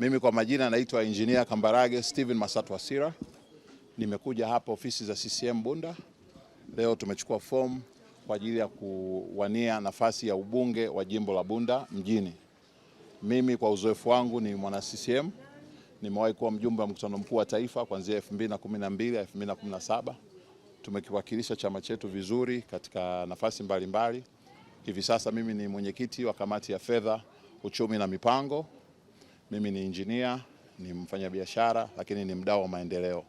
Mimi kwa majina naitwa Engineer Kambarage Steven Masatu Asira. Nimekuja hapa ofisi za CCM Bunda. Leo tumechukua fomu kwa ajili ya kuwania nafasi ya ubunge wa jimbo la Bunda mjini. Mimi kwa uzoefu wangu ni mwana CCM. Nimewahi kuwa mjumbe wa mkutano mkuu wa taifa kuanzia 2012 2017. Tumekiwakilisha chama chetu vizuri katika nafasi mbalimbali. Hivi sasa mimi ni mwenyekiti wa kamati ya fedha, uchumi na mipango mimi ni injinia, ni mfanyabiashara, lakini ni mdau wa maendeleo.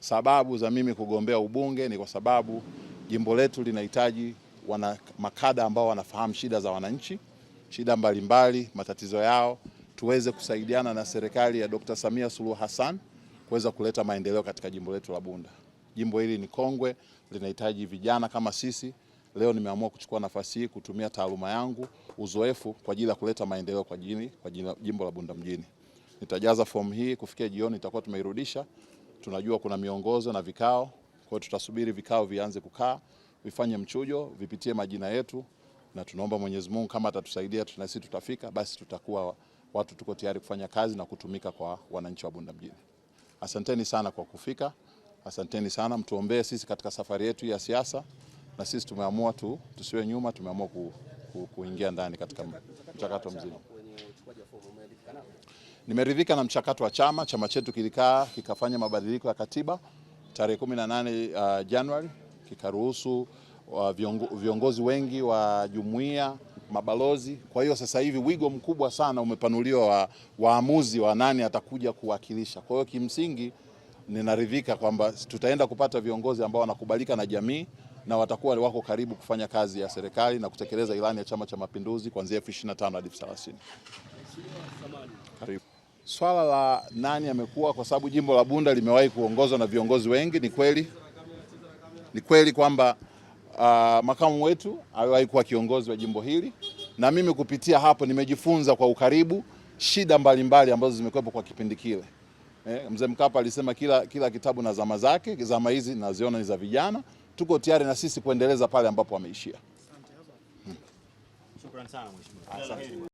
Sababu za mimi kugombea ubunge ni kwa sababu jimbo letu linahitaji wana makada ambao wanafahamu shida za wananchi, shida mbalimbali mbali, matatizo yao, tuweze kusaidiana na serikali ya Dr. Samia Suluhu Hassan kuweza kuleta maendeleo katika jimbo letu la Bunda. Jimbo hili ni kongwe, linahitaji vijana kama sisi leo nimeamua kuchukua nafasi hii kutumia taaluma yangu, uzoefu kwa ajili ya kuleta maendeleo kwa jini, kwa jimbo la Bunda mjini. Nitajaza fomu hii kufikia jioni, itakuwa tumeirudisha. Tunajua kuna miongozo na vikao, kwa hiyo tutasubiri vikao vianze kukaa, vifanye mchujo, vipitie majina yetu, na tunaomba Mwenyezi Mungu kama atatusaidia na sisi tutafika, basi tutakuwa watu tuko tayari kufanya kazi na kutumika kwa wananchi wa Bunda mjini. Asanteni sana kwa kufika. Asanteni sana, mtuombee sisi katika safari yetu ya siasa na sisi tumeamua tu tusiwe nyuma, tumeamua ku, ku, kuingia ndani katika mchakato mzima. Nimeridhika na mchakato wa chama. Chama chetu kilikaa kikafanya mabadiliko ya katiba tarehe 18 uh, Januari kikaruhusu uh, viongo, viongozi wengi wa jumuiya mabalozi. Kwa hiyo sasa hivi wigo mkubwa sana umepanuliwa wa waamuzi wa nani atakuja kuwakilisha. Kwa hiyo kimsingi ninaridhika kwamba tutaenda kupata viongozi ambao wanakubalika na jamii na watakuwa wako karibu kufanya kazi ya serikali na kutekeleza ilani ya Chama cha Mapinduzi kuanzia 2025 hadi 2030. Karibu. Swala la nani amekuwa, kwa sababu jimbo la Bunda limewahi kuongozwa na viongozi wengi. Ni kweli, ni kweli kwamba uh, makamu wetu aliwahi kuwa kiongozi wa jimbo hili, na mimi kupitia hapo nimejifunza kwa ukaribu shida mbalimbali mbali ambazo zimekuwepo kwa kipindi kile. Eh, Mzee Mkapa alisema kila, kila kitabu na zama zake. Zama hizi naziona ni za vijana, tuko tayari na sisi kuendeleza pale ambapo ameishia. Hmm. Shukrani sana mheshimiwa.